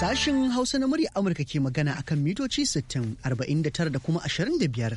Sashen Hausa na murya Amurka ke magana akan mitoci 60, 49 da kuma 25.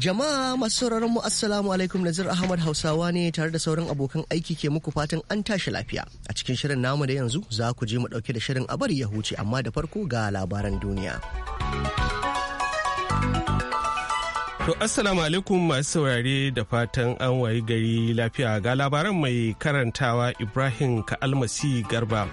Jama'a masu sauraron mu assalamu alaikum Nazir Ahmad Hausawa ne tare da sauran abokan aiki ke muku fatan an tashi lafiya. A cikin shirin namu da yanzu za ku je mu dauke da shirin abar ya huce amma da farko ga labaran duniya. To assalamu alaikum masu saurare da fatan an wayi gari lafiya ga labaran mai karantawa Ibrahim Ka'almasi Garba.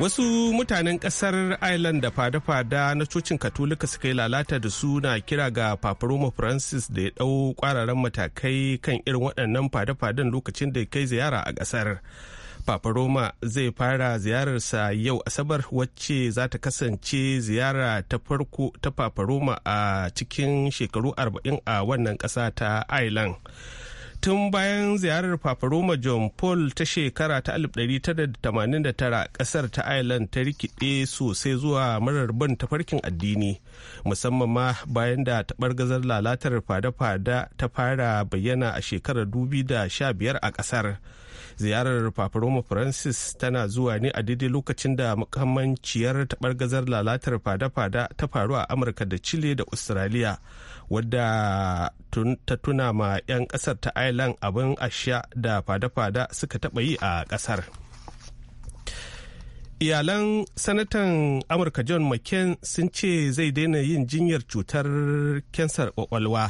wasu mutanen kasar ireland da fada-fada na cocin katolika suka yi lalata da su na kira ga roma francis da ya dau kwararan matakai kan irin waɗannan fada-fadan lokacin da ya kai ziyara a ƙasar roma zai fara ziyararsa yau asabar wacce za ta kasance ziyara ta farko ta roma a cikin shekaru 40 a wannan ƙasa ta ireland tun bayan ziyarar paparoma john paul ta shekara ta 1989 kasar ta ireland ta rikide sosai zuwa marar ban tafarkin addini musamman ma bayan da taɓargazar lalatar fada-fada ta fara bayyana a shekarar 2015 a kasar ziyarar paparoma francis tana zuwa ne a daidai lokacin da makamanciyar gazar lalatar fada-fada ta faru a amurka da chile da australia wadda ta tuna ma 'yan kasar ta ireland abin asha da fada-fada suka taɓa yi a kasar iyalan sanatan amurka john mccain sun ce zai daina yin jinyar cutar kensar kwakwalwa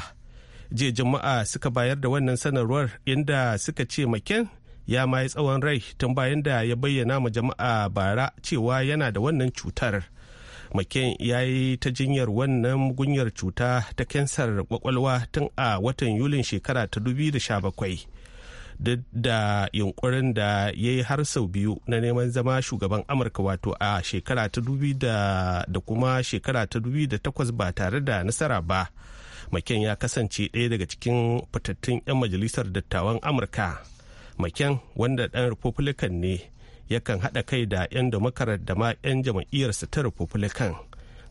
jiya juma'a suka bayar da wannan sanarwar inda suka ce mccain ya mayi tsawon rai tun bayan da ya bayyana ma jama'a bara cewa yana da wannan cutar mccain ya yi ta jinyar wannan gunyar cuta ta kansar kwakwalwa tun a watan yulin shekara ta 2017 duk da yunkurin da ya yi har sau biyu na neman zama shugaban amurka wato a shekara ta dubi da kuma shekara ta dubi da takwas ba tare da nasara ba maken ya kasance ɗaya daga cikin fitattun 'yan majalisar dattawan amurka maken wanda ɗan republican ne yakan haɗa kai da 'yan damakarar da ma 'yan jam'iyyarsa ta republican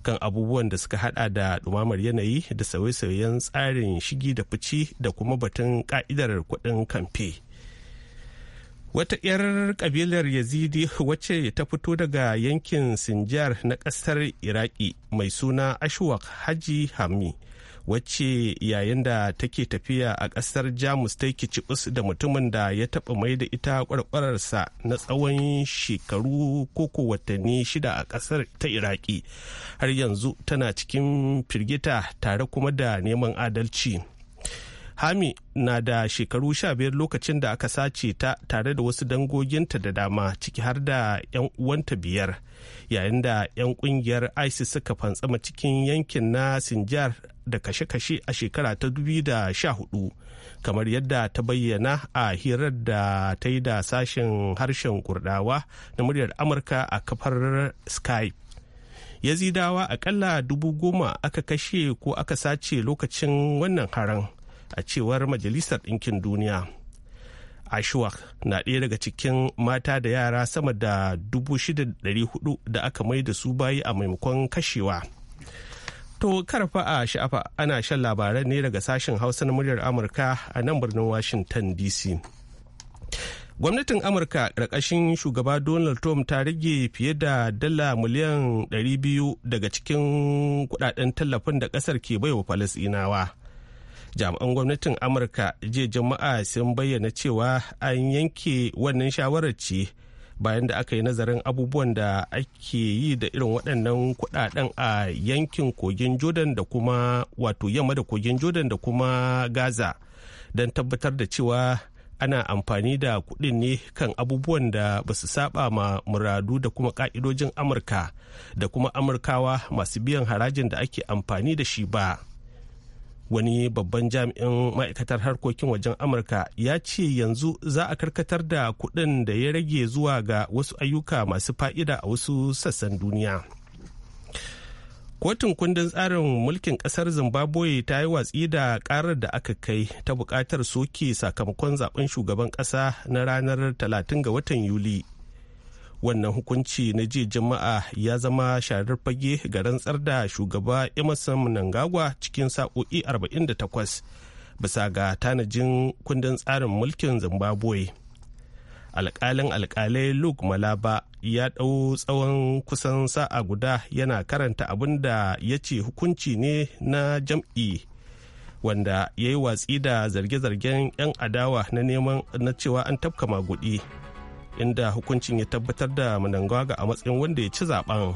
kan abubuwan da suka haɗa da ɗumamar yanayi da sauye-sauyen tsarin shigi da fici da kuma batun ka'idar kuɗin kamfe wata 'yar ƙabilar yazidi wacce ta fito daga yankin sinjar na ƙasar iraki mai suna ashwak haji hammi. wacce yayin da take tafiya a ƙasar jamus ta kicibis da mutumin da ya taɓa mai da ita kwarkwararsa na tsawon shekaru ko watanni shida a ƙasar ta iraki har yanzu tana cikin firgita tare kuma da neman adalci hami na da shekaru sha biyar lokacin da aka sace ta tare da wasu dangoginta da dama ciki har da 'yan uwanta biyar yayin da 'yan kungiyar isis suka fantsama cikin yankin na sinjar da kashe-kashe a shekara ta 2014 kamar yadda ta bayyana a hirar da ta yi da sashen harshen kurdawa na muryar amurka a kafar skype yazidawa akalla dubu goma aka kashe ko aka sace lokacin wannan haran a cewar majalisar ɗinkin duniya ashwak na ɗaya daga cikin mata da yara sama da 6,400 da aka mai da su bayi a maimakon kashewa To karfa a sha'afa ana shan labaran ne daga sashen Hausa na muryar Amurka a nan birnin Washington DC. Gwamnatin Amurka ƙarƙashin shugaba Donald Trump ta rage fiye da dala miliyan 200 daga cikin kudaden tallafin da ƙasar ke baiwa Falasɗinawa. Jami'an gwamnatin Amurka jiya jama'a sun bayyana cewa an yanke wannan shawarar ce. bayan da aka yi nazarin abubuwan da ake yi da irin waɗannan kuɗaɗen a yankin kogin jordan da kuma wato yamma da kogin jordan da kuma gaza don tabbatar da cewa ana amfani da kuɗin ne kan abubuwan da ba su saba ma muradu da kuma ƙa'idojin amurka da kuma amurkawa masu biyan harajin da ake amfani da shi ba. wani babban jami'in ma'aikatar harkokin wajen amurka ya ce yanzu za a karkatar da kuɗin da ya rage zuwa ga wasu ayyuka masu fa'ida a wasu sassan duniya kotun kundin tsarin mulkin kasar zimbabwe ta yi watsi da karar da aka kai ta buƙatar soke sakamakon zaben shugaban ƙasa na ranar 30 ga watan yuli wannan hukunci na ji jama'a ya zama sharar fage ga rantsar da shugaba emerson mnangagwa cikin sa'o'i 48 bisa ga tanajin kundin tsarin mulkin zimbabwe alkalin alkalai luke malaba ya ɗau tsawon kusan sa'a guda yana karanta abin da ya ce hukunci ne na jam'i wanda ya yi watsi da zarge-zargen 'yan adawa na neman na cewa an tafka magudi inda hukuncin ya tabbatar da Mnangagwa a matsayin wanda ya ci zaben.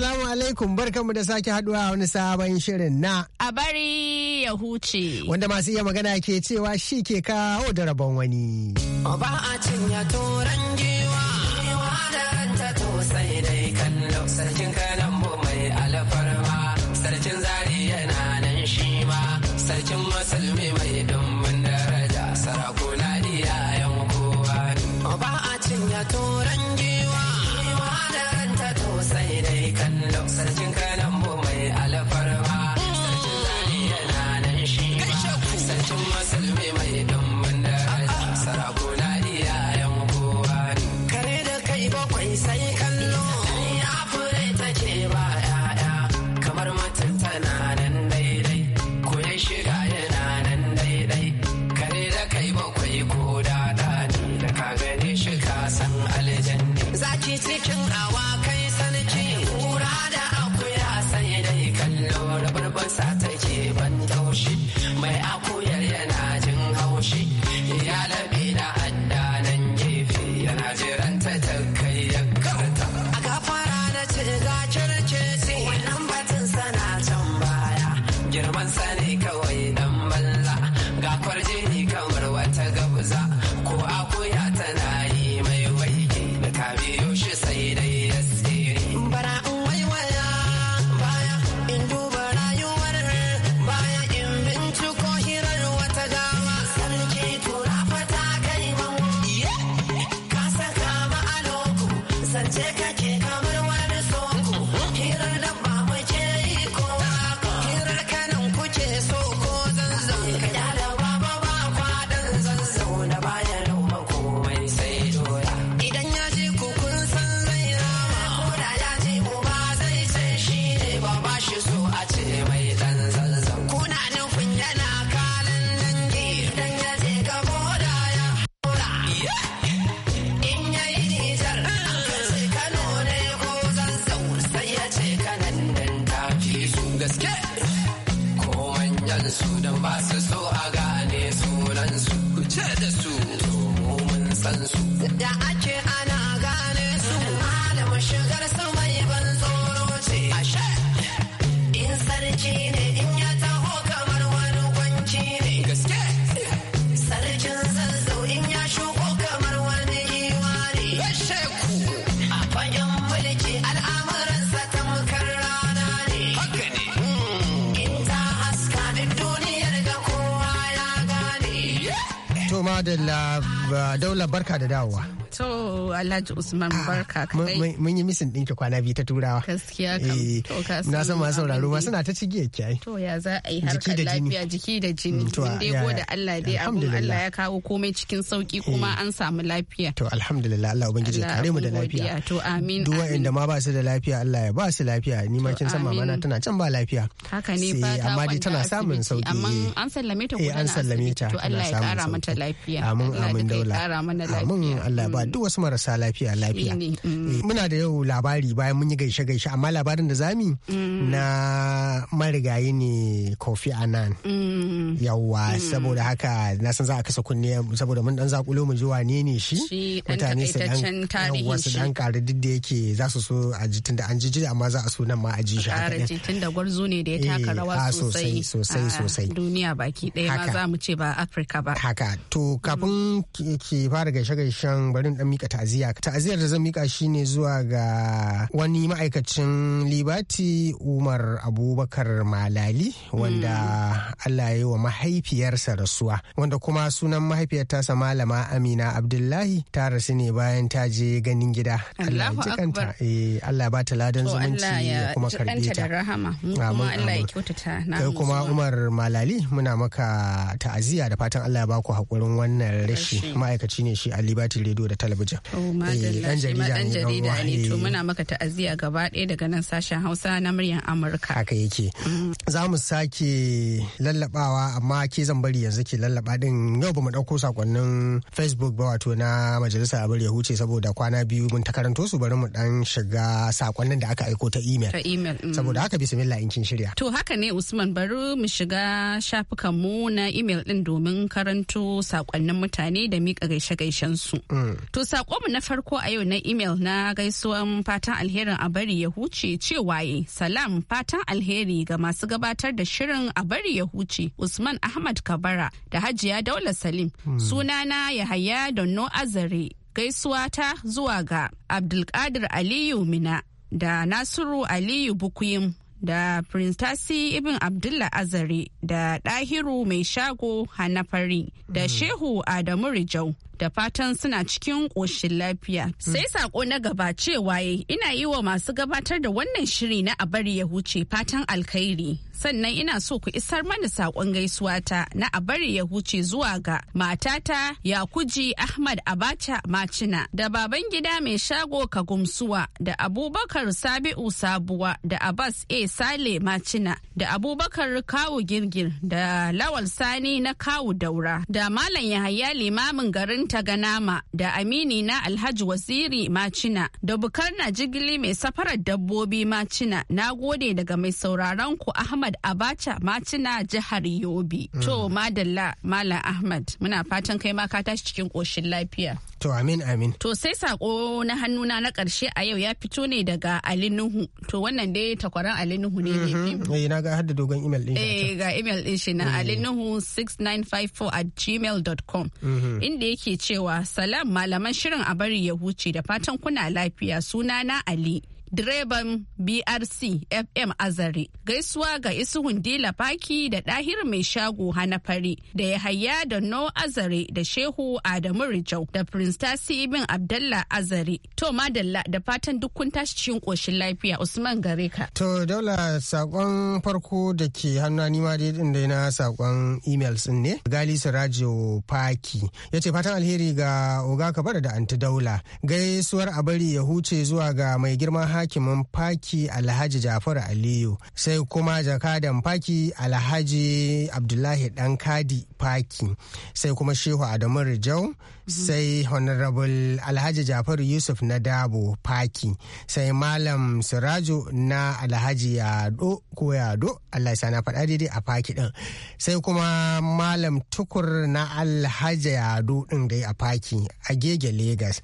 Assalamu alaikum barkanmu da sake haduwa wani sabon shirin na a bari ya huce wanda masu iya magana ke cewa shi ke kawo da rabon wani. Ba a cin ya su da ake ana gane su malamin shigar su mai ban tsoro ce in sarki ne in ya taho kamar wani gwanci ne gaske sarkin zazzau in ya shugo kamar wani yiwa ne a fagen mulki al'amuransa tamkar rana ne haka ne hmm. in ta haska duniyar ga kowa ya gane to madalla daula barka da dawowa so Alhaji Usman ah, barka kai. Mun yi misin ɗinki kwana biyu ta turawa. Gaskiya kam. Eh, na san ma sauraro ma suna ta cigiya kyai. To ya za a yi harkar lafiya jiki da jini. Mm, dai ko da Allah dai abun Allah ya kawo komai cikin sauki kuma eh. an samu lafiya. To alhamdulillah Allah ubangiji kare mu da lafiya. To amin. Duk wa'anda ma ba su da lafiya Allah ya ba su lafiya ni ma kin san mamana tana can ba lafiya. Haka ne ba ta amma dai tana samun sauki. Amma an sallame ta ko eh, an sallame ta. To Allah ya kara mata lafiya. Amin amin daula. Amin Allah ba duk wasu marasa lafiya lafiya mm. eh, muna da yau labari bayan mun yi gaishe gaishe amma labarin da zami mm. na marigayi ne kofi anan mm. Yawwa saboda haka na san za a kasa kunne saboda mun dan zakulo mu ji wane ne shi mutane su dan wasu dan karu duk da yake za su so a ji tunda an ji amma za a so nan ma a ji shi haka tunda gwarzo ne da ya taka eh, rawa sosai sosai sosai duniya baki daya ma za mu ce ba Afirka ba haka to kafin ki fara gaishe gaishen barin dan mika ta'aziyya ta'aziyyar da zan mika shine zuwa ga wani ma'aikacin libati umar abubakar malali wanda hmm. allah ya yi wa mahaifiyarsa rasuwa wanda kuma sunan mahaifiyar tasa malama amina abdullahi ta rasu ne bayan ta je ganin gida allah ya eh allah ba ta ladan zumunci ya kuma karbe ta hmm, allah kai kuma umar malali muna maka ta'aziyya da fatan allah ya ba ku hakurin wannan rashi ma'aikaci ne shi a libati da da talabijin oh, dan eh, jarida ne to muna maka ta'aziyya gaba ɗaya daga nan sashen hausa na muryar amurka haka yake mm. za mu sake lallabawa amma ke zan bari yanzu ke lallaba din yau ba ɗauko sakonnin facebook ba wato na majalisa a bari ya huce saboda kwana biyu mun ta karanto su bari mu dan shiga sakonnin da aka aiko ta email ta email mm. saboda haka bismillah in kin shirya to haka ne usman bari mu shiga shafukan mu na email din domin karanto sakonnin mutane da miƙa gaishe gaishen su mm. To sakonmu na farko a yau na email na gaisuwan fatan alherin a bari ya huce cewa ye salam fatan alheri ga masu gabatar da shirin a bari ya huce Usman Ahmad Kabara da Hajiya Daula Salim. Hmm. Sunana Yahaya Donno Azare gaisuwa ta zuwa ga Abdulkadir Aliyu Mina da Nasiru Aliyu Bukuyim da Prince Tasi Ibn Abdullah Azare da Dahiru Mai Shago Hanafari da hmm. Shehu Adamu Rijau da fatan suna cikin ƙoshin lafiya. Sai saƙo na gaba cewa ina yi wa masu gabatar da wannan shiri na a bari ya huce fatan alkhairi. Sannan ina so ku isar mana saƙon gaisuwa ta na a bari ya huce zuwa ga matata Yakuji Ahmad Abacha Macina da baban gida mai shago Kagumsuwa da Abubakar Sabi'u Sabuwa da Abbas A Sale Macina da Abubakar Kawu Girgir da Lawal Sani na Kawu Daura da Malam Yahaya limamin garin ta nama da amini na alhaji waziri macina da bukar na jigili mai safarar dabbobi macina na gode daga mai sauraron ku ahmad abacha macina jihar Yobi. Mm. to madalla malam ahmad muna fatan kai ma ka tashi cikin koshin lafiya to amin amin to sai sako na hannuna na karshe a yau ya fito ne daga ali nuhu to wannan dai takwaran ali nuhu ne ne mm-hmm. eh, na ga har dogon email din eh, ga email din shi na inda yake cewa salam malaman shirin a bari ya huce da fatan kuna lafiya sunana Ali. direban brc fm azare gaisuwa ga isuhun dila faki da ɗahir mai shago hanafari da ya haya da no azare da shehu adamu rijau da prince tasi ibn abdallah azare to madalla da fatan duk kun tashi cikin koshin lafiya usman gare ka to daula sakon farko da ke hannu ni ma dai dai na sakon email sun ne gali sirajo faki yace fatan alheri ga oga kabara da anti daula gaisuwar a ya huce zuwa ga mai girman hakimin faki alhaji jafar aliyu sai kuma jakadan faki alhaji abdullahi dan kadi faki sai kuma shehu adamu rijau mhm. sai honorable alhaji jafaru yusuf na dabo faki sai malam siraju na alhaji yado ko yado allah sana faɗa daidai a faki ɗin sai kuma malam tukur na alhaji yado ɗin dai a faki a gege Legas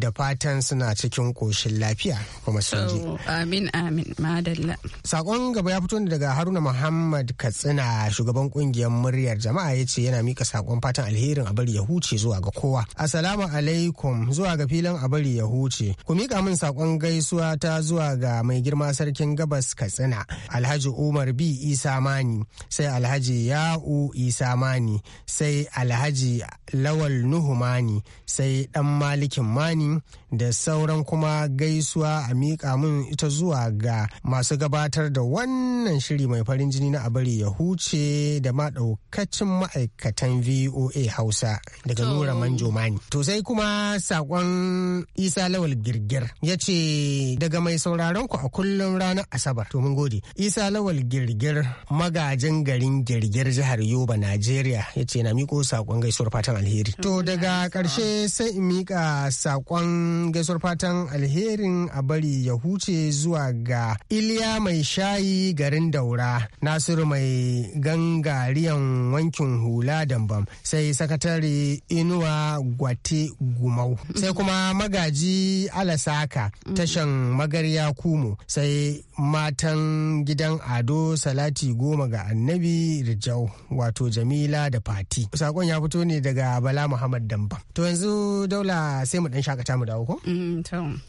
da fatan suna cikin koshin lafiya kuma su ubangiji amin amin madalla sakon gaba ya fito ne daga haruna muhammad katsina shugaban kungiyar muryar jama'a ya ce yana mika sakon fatan alherin a bari ya huce zuwa ga kowa Asalamu alaikum zuwa ga filin a bari ya huce ku mika min sakon gaisuwa ta zuwa ga mai girma sarkin gabas katsina alhaji umar b isa mani sai alhaji ya'u isa mani sai alhaji lawal nuhu mani sai dan malikin mani da sauran kuma gaisuwa a mika kamun ita zuwa ga masu gabatar da wannan shiri mai farin jini na abari ya huce da ma daukacin ma'aikatan VOA Hausa daga Nura Manjomani. To sai kuma sakon Isa Lawal Girgir ya ce daga mai sauraron ku a kullum ranar Asabar. To mun gode. Isa Lawal Girgir magajin garin Girgir jihar Yoba Najeriya ya ce na miko sakon gaisuwar fatan alheri. To mm-hmm. daga ƙarshe sai in miƙa sakon gaisuwar fatan alherin a bari ya huce zuwa ga iliya mai shayi garin daura nasiru mai gangariyan wankin hula dambam sai sakatare inuwa gwate gumau sai kuma magaji alasaka tashan magarya kumo sai matan gidan ado salati goma ga annabi rijau wato jamila da fati sakon ya fito ne daga bala muhammad dambam to yanzu daula sai mu dan shakata mu dawo ko mm,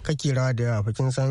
kake rawa da yawa fakin san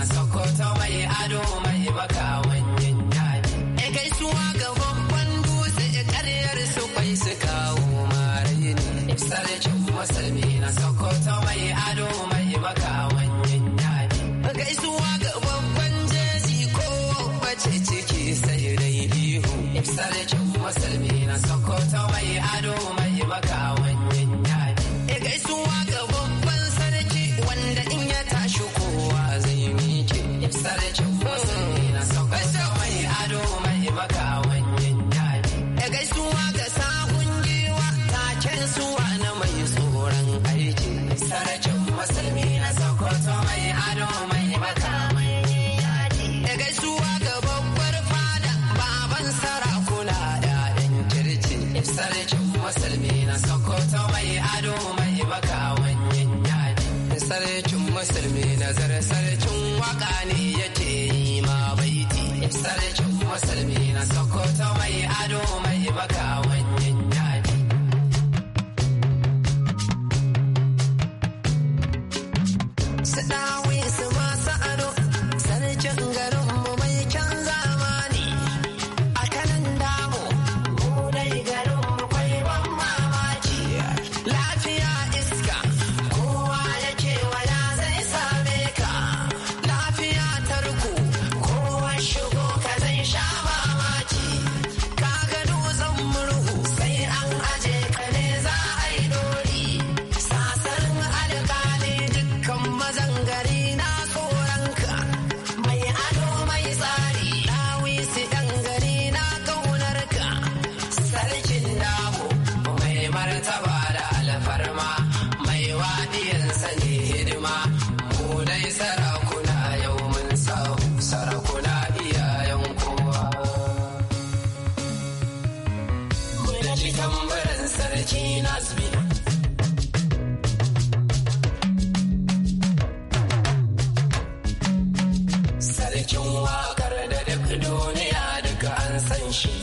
na sokoto mai ado mai makawan yinya e gaisuwa ga babban dutse e karyar su kwai su kawo marayi ne sarkin musulmi na sokoto mai ado mai makawan yinya e gaisuwa ga babban jeji ko bace ciki sai dai ihu sarkin musulmi na sokoto cikin wakar da duk duniya duka an san shi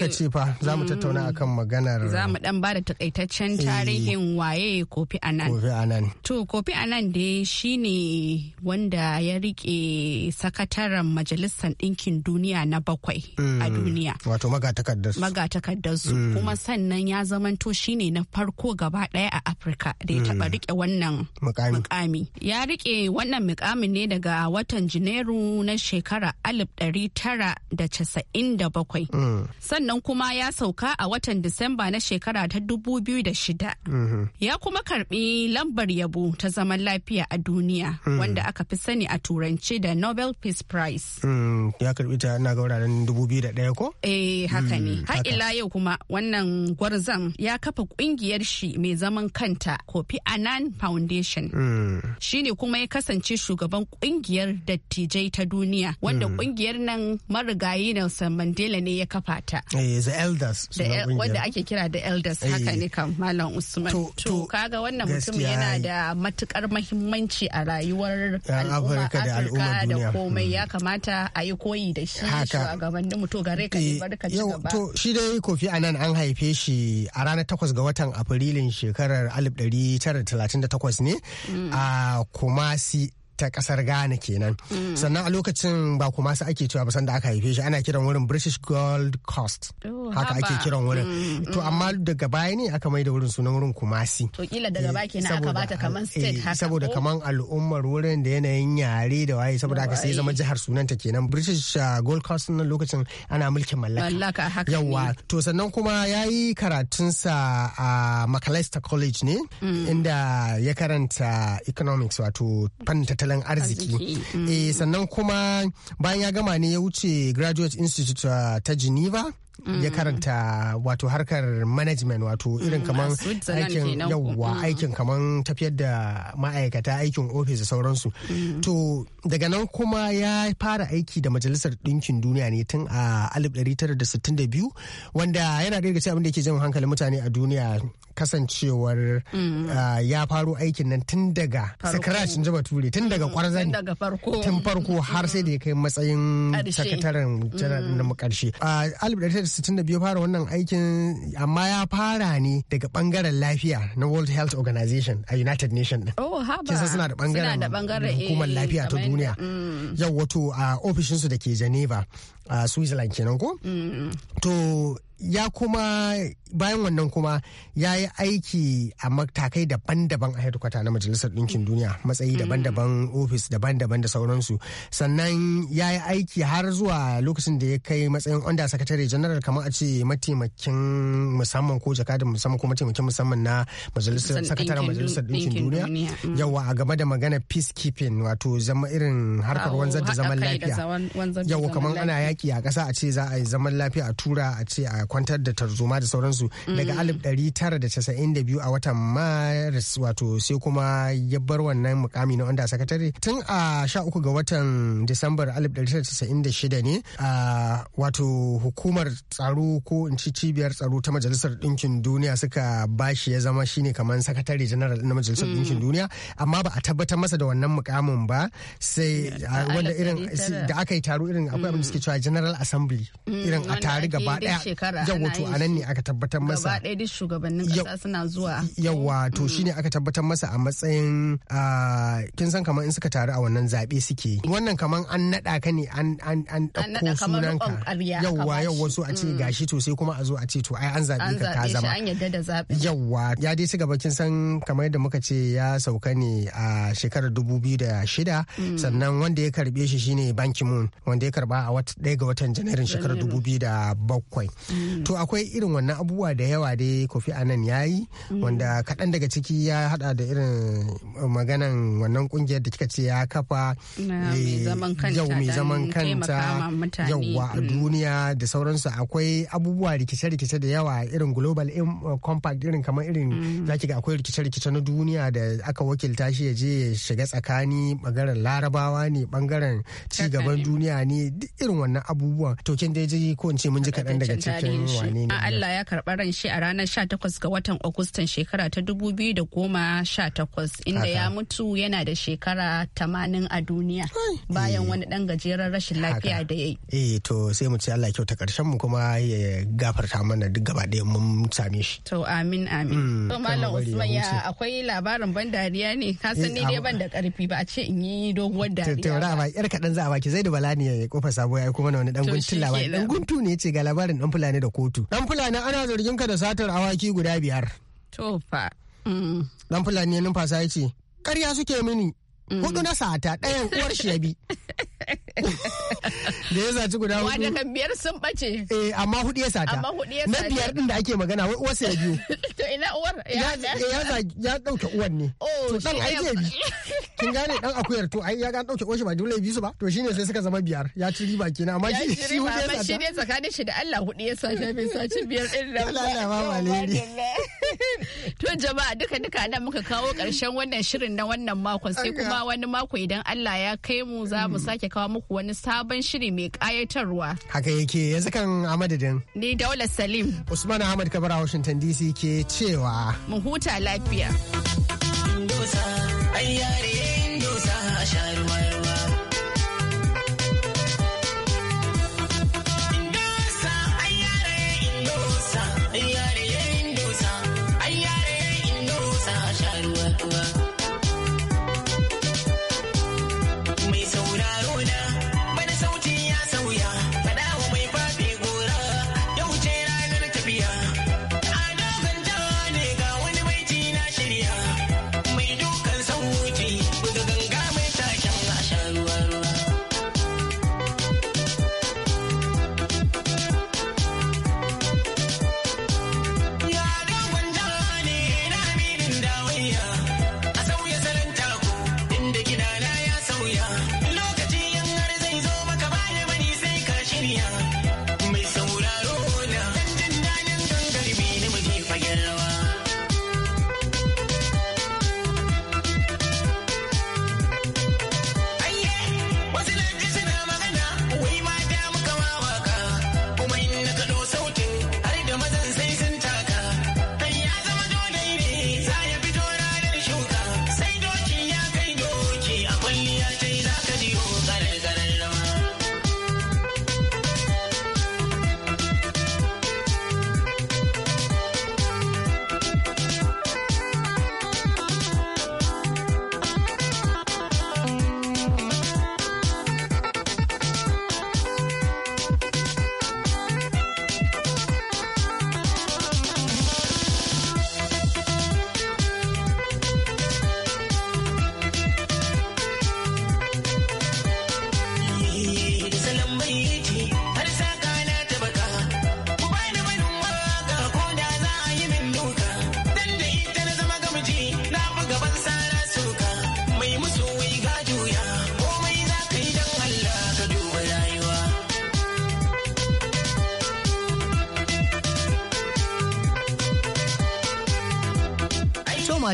lokaci fa za mu tattauna mm. akan maganar za mu dan ba da takaitaccen eh. tarihin waye kofi anan kofi anan to kofi anan dai shine wanda ya rike sakataren majalisar ɗinkin duniya na bakwai a mm. duniya wato takardar su. Mm. kuma sannan ya zamanto shine na farko gaba ɗaya a afirka da ya taɓa rike wannan mukami ya rike wannan mukami ne daga watan janairu na shekara 1997 sannan sannan kuma ya sauka a watan Disamba na shekara ta 2006. Mhm. Ya kuma karbi lambar yabo ta zaman lafiya a duniya mhm. wanda aka fi sani a Turanci da Nobel Peace Prize. Mm, ya karbi ta na ga wuraren 2001 ko? Eh haka ne. Mm, Har ila yau kuma wannan gwarzan ya kafa kungiyar shi mai zaman kanta Kofi Annan Foundation. Mm. Shi ne kuma ya kasance shugaban kungiyar dattijai ta duniya wanda kungiyar nan marigayi Nelson Mandela ne ya kafa ta. the elders wanda ake kira da elders haka eh. ne kan malam usman to kaga wannan mutum yana da matukar mahimmanci a rayuwar afirka da komai mm. ya kamata a yi koyi da shi shugabanninmu to gare ka ne eh, barka ci gaba to shi dai kofi anan an haife shi a ranar 8 ga watan afrilin shekarar 1938 ne mm. a kumasi ta kasar ghana kenan sannan a lokacin ba kuma su ake cewa ba sanda aka haife shi ana kiran wurin british gold coast haka ake kiran wurin mm, mm, mm. to amma daga baya ne aka mai da wurin sunan wurin kumasi to kila daga baya kenan aka bata kaman eh, state haka saboda kaman al'ummar wurin da yanayin yare da waye saboda aka sai zama jihar eh. sunanta kenan british uh, gold coast nan lokacin ana mulkin mallaka Mallaka yawa to sannan kuma yayi karatunsa a macalester college ne inda ya karanta economics wato fannin tattalin tattalin arziki mm. eh sannan kuma bayan ya gama ne ya wuce graduate institute uh, ta geneva ya mm. karanta wato harkar management wato mm. irin kamar aikin yawwa mm. aikin kamar tafiyar da ma'aikata aikin ofis da sauransu to daga nan kuma ya fara aiki da majalisar ɗinkin duniya ne tun a 1962 wanda yana daga cikin abin da yake jan hankalin mutane a duniya kasancewar ya faro aikin nan tun daga scratch in ji bature tun daga kwarzan tun farko har sai da ya kai matsayin sakataren jana na karshe a 1962 fara wannan aikin amma ya fara ne daga bangaren lafiya na World Health Organization a United Nations Oh, haba. Kisa suna da bangaren eh, hukumar lafiya ta duniya. Mm. Yau wato a ofishinsu da ke Geneva a Switzerland kenan ko? Mm, mm. To ya kuma bayan wannan kuma ya yi aiki a matakai daban-daban a hedkwata na majalisar ɗinkin duniya matsayi mm. daban-daban ofis daban-daban da sauransu sannan ya yi aiki har zuwa lokacin da ya kai matsayin onda sakatare general kamar a ce mataimakin musamman ko jakadin musamman ko mataimakin musamman na majalisar sakataren majalisar ɗinkin duniya yawa mm. a game da magana peacekeeping wato zama irin harkar wanzar da zaman lafiya yawa kamar ana yaki a ƙasa a ce za a yi zaman lafiya a tura a ce a kwantar da tarzoma da sauransu su daga mm. biyu a watan maris wato sai kuma ya bar wannan mukami na wanda sakatare tun a sha uku ga watan disambar alif tara da shida ne a wato hukumar tsaro ko in ci cibiyar tsaro ta majalisar ɗinkin duniya suka bashi ya zama shine kamar sakatare janaral na majalisar ɗinkin mm. duniya amma ba a tabbatar masa da wannan mukamin ba sai wanda irin da aka yi taro irin akwai abin da suke mm. cewa general assembly irin a tare gaba daya wato a nan ne aka tabbatar tabbatar masa gaba ɗaya shugabannin kasa suna zuwa yawa to mm. shine aka tabbatar masa a matsayin kin san kamar in suka taru a wannan zaɓe suke wannan kamar an naɗa ka ne an an an sunan ka yawa yawa so a ce mm. gashi to sai kuma a zo a ce to ai an zaɓe ka ka zama an yadda da zaɓe yawa ya dai ci gaba kin san kamar yadda muka ce ya sauka ne a shekarar 2006 mm. sannan wanda ya karbe shi shine banki Ki-moon wanda ya karba a ɗaya ga watan Janairun shekarar 2007 to akwai irin wannan abubuwa abubuwa da yawa dai kofi anan ya yi mm. wanda kaɗan daga ciki ya hada da irin uh, maganan wannan kungiyar da kika ce ya kafa eh, yau mai zaman kanta yauwa a mm. duniya da sauransu akwai abubuwa rikice-rikice da yawa irin global uh, compact irin kamar irin mm. zaki ga akwai rikice-rikice na duniya da aka wakilta shi ya je shiga tsakani bangaren larabawa ne bangaren cigaban duniya ne irin wannan abubuwan to kin dai je ko in ce mun ji kaɗan daga cikin wane ne karɓi ran shi a ranar 18 ga watan Agustan shekara ta 2018 inda ya mutu yana da shekara 80 a duniya bayan eh. wani ɗan gajeren rashin lafiya da ya yi. Eh to sai mu ce Allah kyauta ƙarshen mu kuma ya gafarta mana duk gaba ɗaya mun same shi. To amin amin. Hmm, to Malam Usman ya akwai labarin ban dariya ne ka san ni eh, dai ban da ƙarfi ba a ce in yi doguwar dariya. To ra ba yar kaɗan za a baki zai da balani ya kofa sabo ya kuma na wani ɗan guntun labari. Ɗan guntu ne ce ga labarin ɗan Fulani da kotu. Ɗan Fulani ana zo zargin ka da satar awaki guda biyar. Tofa. Dan Fulani ya numfasa ya ce, Karya suke mini, Mm. hudu na sata ɗayan uwar shi ya bi da ya zaci guda hudu wanda kan biyar sun bace eh amma hudu ya sata amma hudu ya sata na biyar din da ake magana wai uwarsa ya biyu to ina uwar ya ya ya dauke uwar ne oh, to dan ai zai bi kin gane dan akuyar to ai ya ga dauke uwar shi ba dole ya bi su ba to shine sai suka zama biyar ya ci riba kenan amma shi shi hudu ya sata shi ne tsakanin shi da Allah hudu ya sata bai saci biyar din nan Allah ma malere To jama'a duka duka nan muka kawo ƙarshen wannan shirin na wannan makon sai kuma wani mako idan Allah ya kai mu za mu hmm. sake kawo muku wani sabon shiri mai ƙayatarwa. Haka yake yanzu kan amadadin. Ni Daula Salim. Usman Ahmad Kabar Washington DC ke cewa. Mu huta lafiya.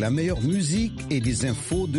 la meilleure musique et des infos de